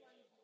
one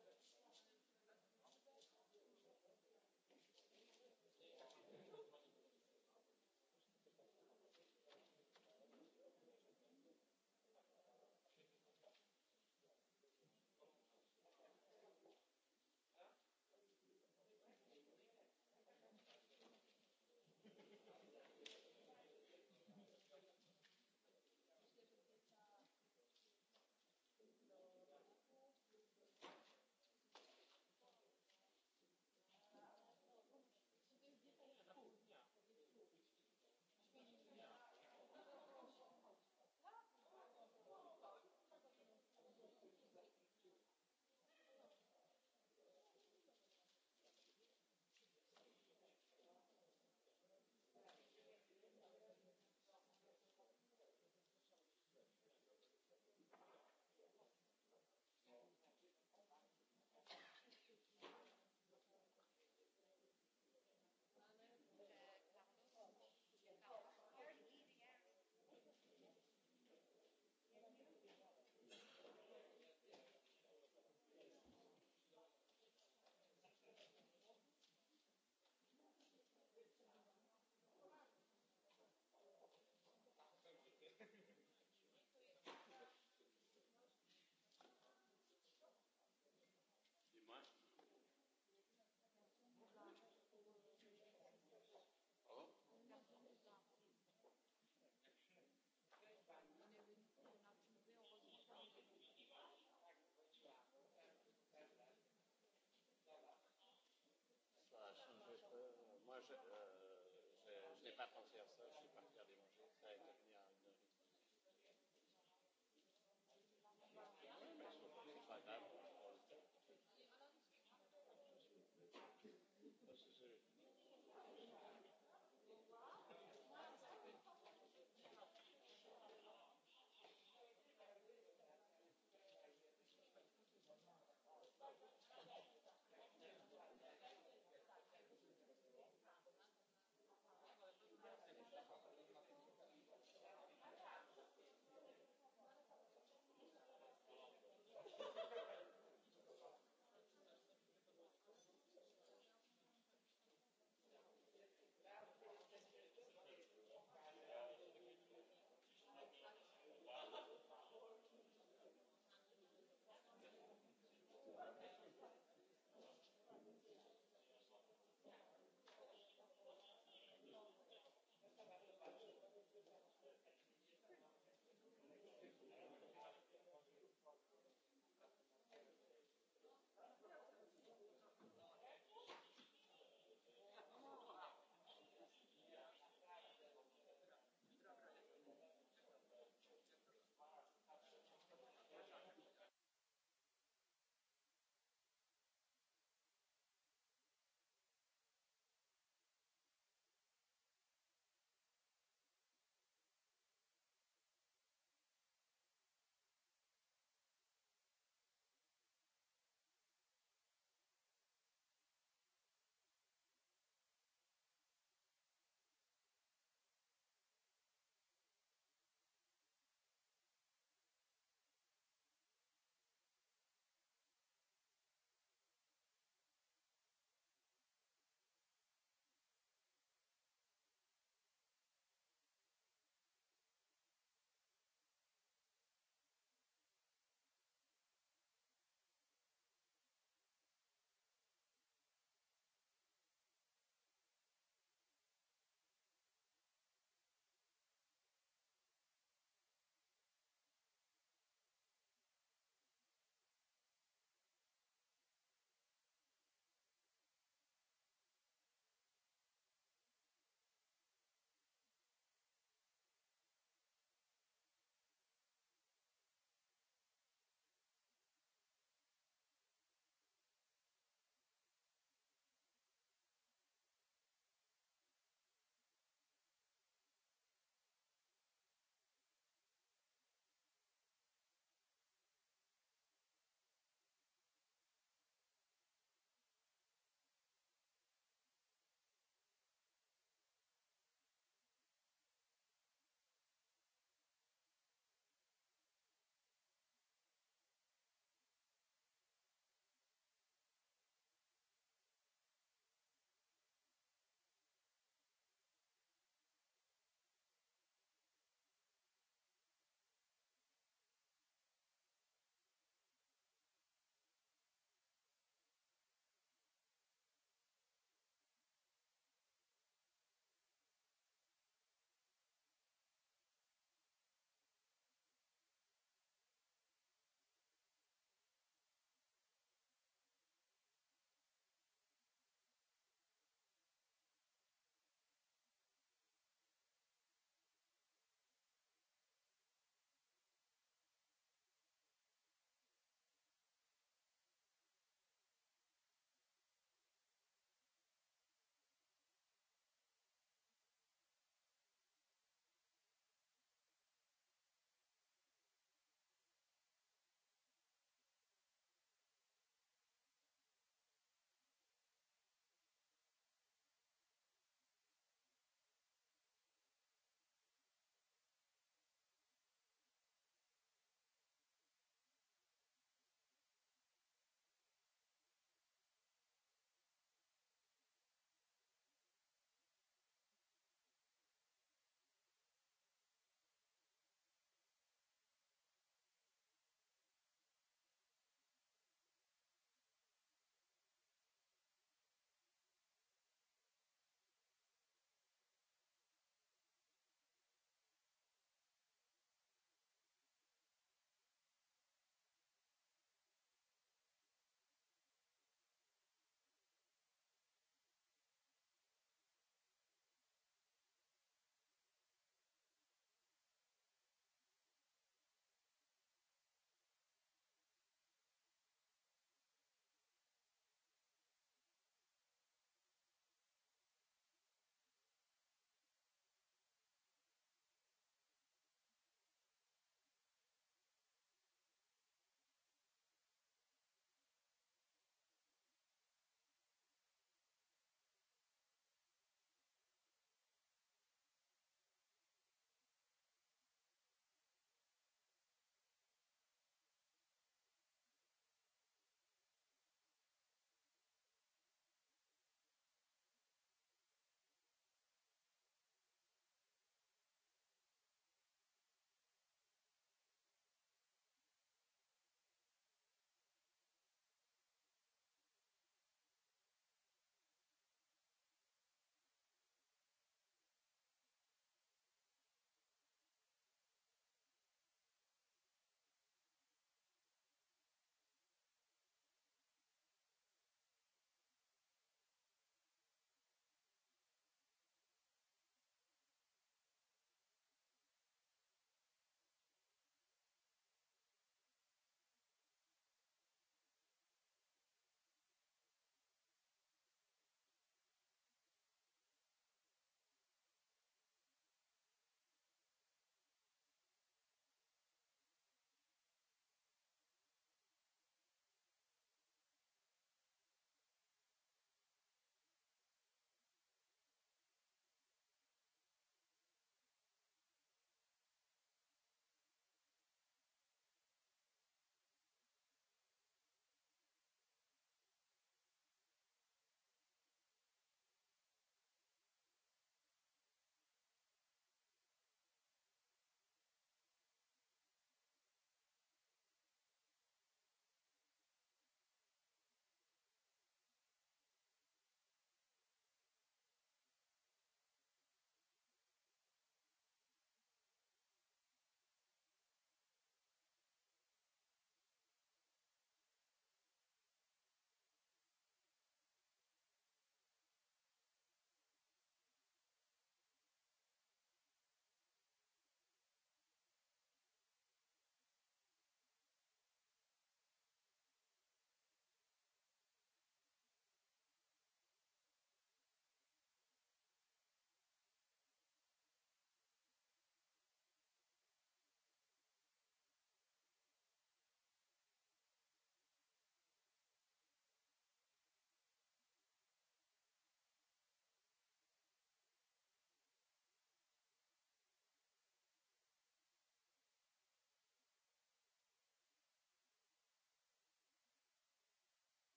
Uh euh, je, je n'ai pas pensé à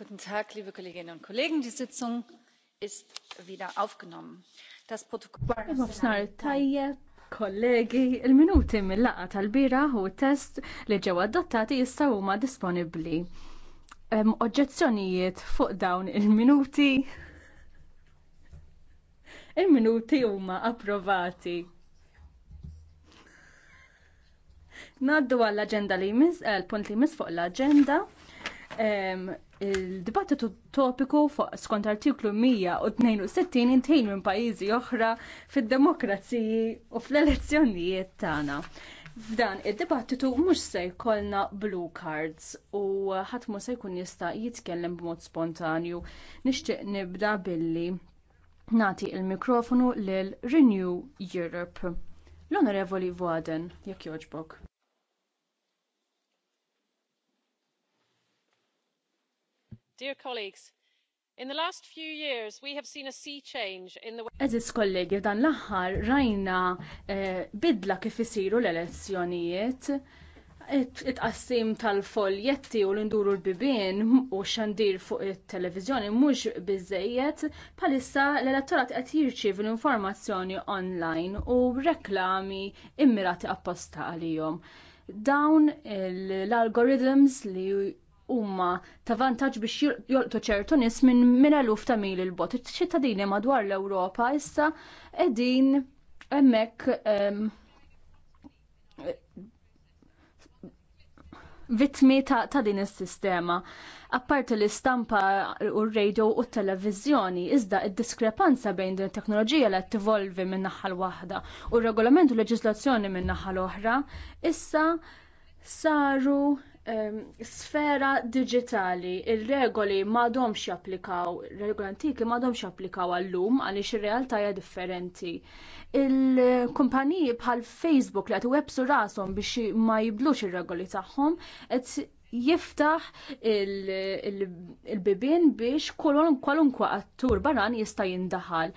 Guten Tag, liebe Kolleginnen und Kollegen. Die Sitzung ist wieder aufgenommen. Das kollegi, il-minuti mill-laqa tal-bira u test li ġew adottati jistgħu huma disponibbli. Oġġezzjonijiet fuq dawn il-minuti. Il-minuti huma approvati. Naddu għall aġenda li jmiss, eh, l-punt li jmiss fuq l aġenda il-dibattitu topiku fuq skont artiklu 162 intejn minn pajjiżi oħra fid-demokraziji u fl-elezzjonijiet tagħna. F'dan id-dibattitu mhux se jkollna blue cards u ħadd mhux se jkun jista' jitkellem b'mod spontanju. Nixtieq nibda billi nagħti l mikrofonu lil Renew Europe. L-Onorevoli Waden, jekk jogħġbok. dear colleagues, In the last few years we have seen a sea change in the Eżis kollegi dan l-aħħar rajna eh, bidla kif isiru l-elezzjonijiet it-qassim tal-foljetti u l-induru l-bibien u xandir fuq it-televiżjoni mhux biżejjed bħalissa l-elettorat qed jirċiev l-informazzjoni online u reklami immirati apposta jom. dawn l-algorithms li huma ta' vantaġġ biex jolqtu ċertu nis minn min eluf ta' mil il-bot. Iċ-ċittadini madwar l-Ewropa issa qegħdin hemmhekk ehm, vittmi ta', ta din is-sistema. Apparti l-istampa u r-radio u t-televizjoni, iżda id-diskrepanza bejn din it-teknoloġija li tivolvi minn naħa l-waħda u r-regolament u l-leġislazzjoni minn naħa l-oħra, issa saru Ehm, sfera digitali, ir-regoli m'għadhomx japplikaw, regoli antiki m'għadhomx japplikaw għallum għaliex ir-realtà hija differenti. Il-kumpaniji bħal Facebook li qed websu rashom biex ma jiblux ir-regoli tagħhom qed jiftaħ il-bibien biex kwalunkwa attur baran jista' jindaħal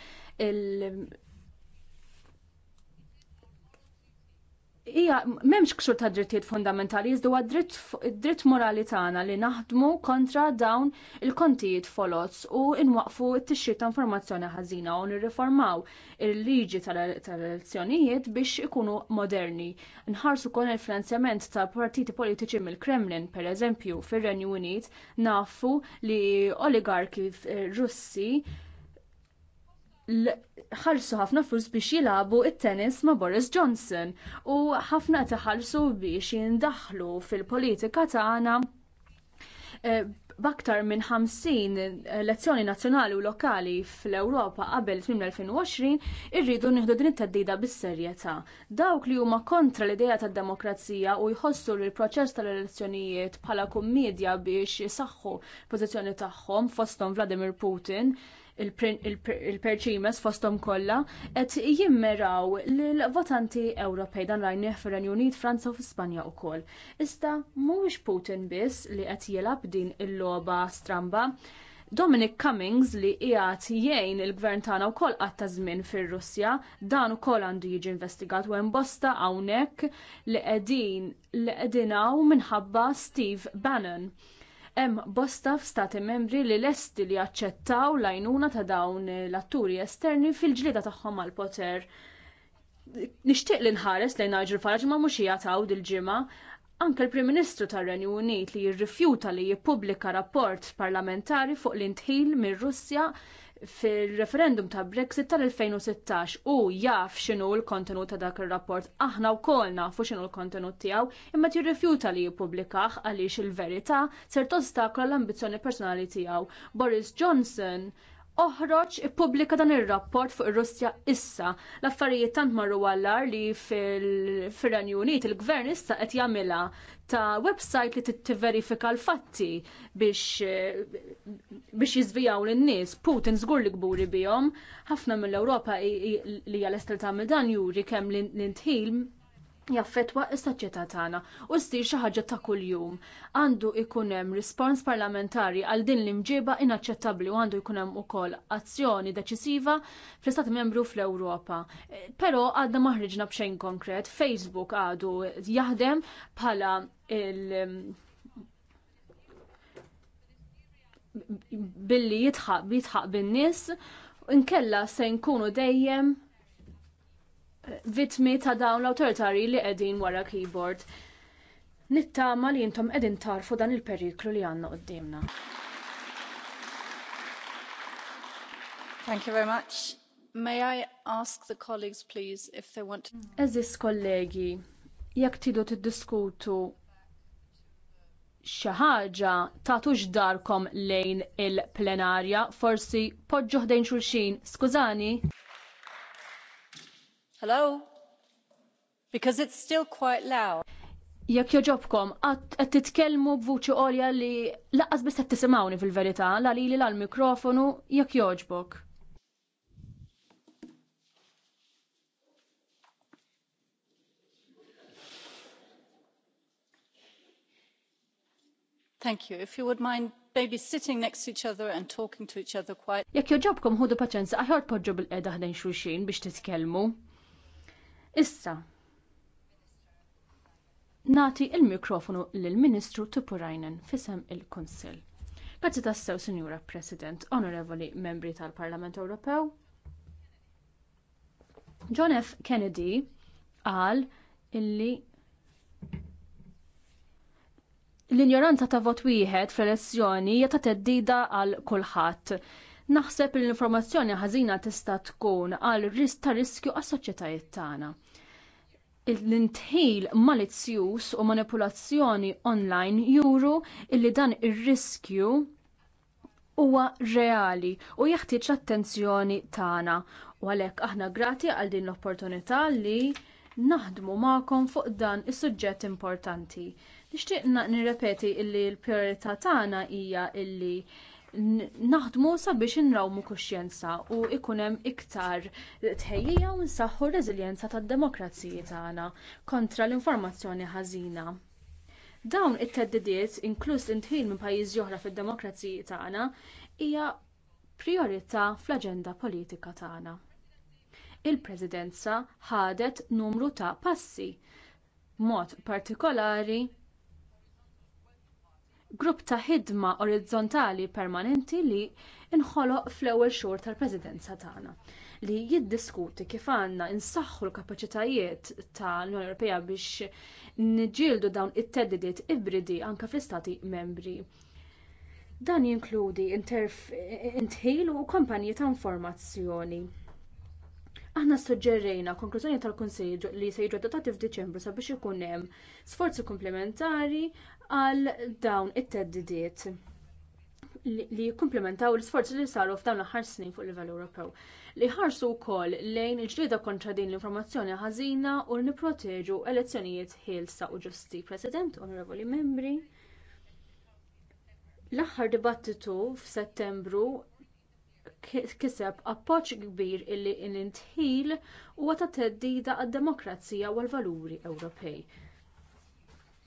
Ija, m'hemmx kxur ta' drittijiet fundamentali iżda huwa dritt morali tagħna li naħdmu kontra dawn il-kontijiet folots u nwaqfu t tixxiet ta' informazzjoni ħażina u nirriformaw il-liġi tal-elezzjonijiet biex ikunu moderni. Nħarsu kon il-finanzjament ta' partiti politiċi mill-Kremlin, pereżempju fir-Renju Unit, nafu li oligarki Russi ħalsu ħafna flus biex jilabu it-tennis ma' Boris Johnson u ħafna taħalsu biex jindaħlu fil-politika tagħna eh, baktar minn 50 elezzjoni nazzjonali u lokali fl-Ewropa qabel 2020 irridu nieħdu din it-teddida bis-serjetà. Dawk li huma kontra l-idea tad-demokrazija u jħossu li l-proċess tal-elezzjonijiet bħala kummedja biex jisaħħu pożizzjoni tagħhom fosthom Vladimir Putin il-perċimes fosthom kollha qed jimmeraw l votanti Ewropej dan rajnieh fir-Renju Unit, Franza u Spanja wkoll. Ista, mhuwiex Putin biss li qed jilab din il-logħba stramba. Dominic Cummings li qiegħed jgħin il-gvern tagħna wkoll qatt ta' żmien fir-Russja, dan ukoll għandu jiġi investigat u hemm bosta hawnhekk li qegħdin li qegħdin minħabba Steve Bannon Hemm bosta f'stati membri li lesti li jaċċettaw l-għajnuna ta' dawn l-atturi esterni fil-ġlieda tagħhom għall poter Nixtieq li nħares lejn Nigel Farage ma mhux jagħtaw dil-ġimgħa anke l-Prim Ministru tar-Renju Unit li jirrifjuta li jippubblika rapport parlamentari fuq l-intħil mir-Russja fil-referendum ta' Brexit tal-2016 u jaf x'inhu l-kontenut ta' dak ir-rapport aħna wkoll nafu x'inhu l-kontenut tiegħu imma jirrefjuta li jipublikax għaliex il-verità ser tostakla l-ambizzjoni personali tiegħu. Boris Johnson oħroġ ippubblika dan ir-rapport fuq ir-Russja issa. L-affarijiet tant marru għallar li fil-Renju Unit il-Gvern issa qed jagħmilha ta' website li t-verifika l-fatti biex biex jiżvijaw lin-nies. Putin żgur li kburi bihom. Ħafna mill-Ewropa li hija l-estel ta' dan juri kemm l-intħil jaffetwa is-soċjetà tagħna u ssir xi ħaġa ta' kuljum. Għandu jkun hemm rispons parlamentari għal din l-imġiba inaċċettabbli u għandu jkun hemm ukoll azzjoni deċisiva fl-Istati Membru fl-Ewropa. Eh, però għadna maħriġna b'xejn konkret, Facebook għadu jaħdem bħala il- billi jitħaq bin-nies inkella se nkunu dejjem vitmi ta' dawn l-autoritari li qegħdin wara keyboard. Nittama li jintom qegħdin tarfu dan il-periklu li għandna qoddimna. Thank you very much. May I ask the colleagues please if they want to... Eżis kollegi, jekk tidu tiddiskutu xi ħaġa tagħtux darkom lejn il-plenarja, forsi poġġu ħdejn xulxin. Skużani. Hello? Because it's still quite loud. Jekk joġobkom, qed titkellmu b'vuċi għolja li laqqas biss qed tisimawni fil-verità, la li l-mikrofonu jekk joġbok. Thank you. If you would mind maybe sitting next to each other and talking to each other quite. Jekk joġobkom ħudu paċenza aħjar poġġu bil-qeda ħdejn xulxin biex titkellmu. Issa, nati il-mikrofonu lill-Ministru Tupurajnen fisem il-Kunsill. Grazzi tassew, Sinjura President, Onorevoli Membri tal-Parlament Ewropew. John F. Kennedy qal illi l-injoranza ta' vot wieħed fl-elezzjoni hija teddida għal kulħadd Naħseb li l-informazzjoni ħażina tista' tkun għal risk ta' riskju għas-soċjetajiet tagħna. L-intħil malizzjuż u manipulazzjoni online juru illi dan ir-riskju huwa reali u jeħtieġ attenzjoni tagħna u għalhekk aħna grati għal din l-opportunità li naħdmu magħkom fuq dan is-suġġett importanti. Nixtieq nirrepeti illi l-priorità tagħna hija illi naħdmu sabiex inrawmu kuxjenza u jkun hemm iktar tħejjija u nsaħħu r reżiljenza tad-demokrazija tagħna kontra l-informazzjoni ħażina. Dawn it-teddidiet, inkluż l minn pajjiżi oħra fid-demokrazija tagħna, hija prijorità fl-aġenda politika tagħna. Il-Presidenza ħadet numru ta' passi, b'mod partikolari grupp ta' ħidma orizzontali permanenti li inħoloq fl-ewwel xhur tal-Presidenza tagħna li jiddiskuti kif għandna insaħħu l-kapaċitajiet tal-Unjoni Ewropea biex niġġieldu dawn it-teddidiet ibridi anke fl-istati membri. Dan jinkludi intħil u kampanji ta' informazzjoni. Aħna suġġerejna konklużjoni tal-Kunsill li se jiġu adottati f'Diċembru sabiex ikun hemm sforzi komplementari għal dawn it-teddidiet li jikkumplementaw l-isforzi li saru f'dawn l-aħħar snin fuq livell Ewropew li ħarsu wkoll lejn il-ġlieda kontra din l-informazzjoni ħażina u li nipproteġu elezzjonijiet ħielsa u ġusti. President, onorevoli membri, l-aħħar dibattitu f'Settembru kiseb appoġġ kbir illi intħil huwa ta' theddida għad-demokrazija u l valuri Ewropej.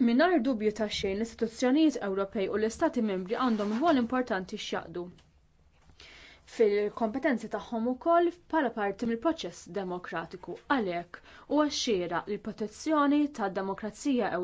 Mingħajr dubju ta' xejn l-istituzzjonijiet Ewropej u l-Istati Membri għandhom rwol importanti x'jaqdu fil-kompetenzi tagħhom ukoll bħala parti mill-proċess demokratiku għalhekk huwa xieraq li l-protezzjoni tad-demokrazija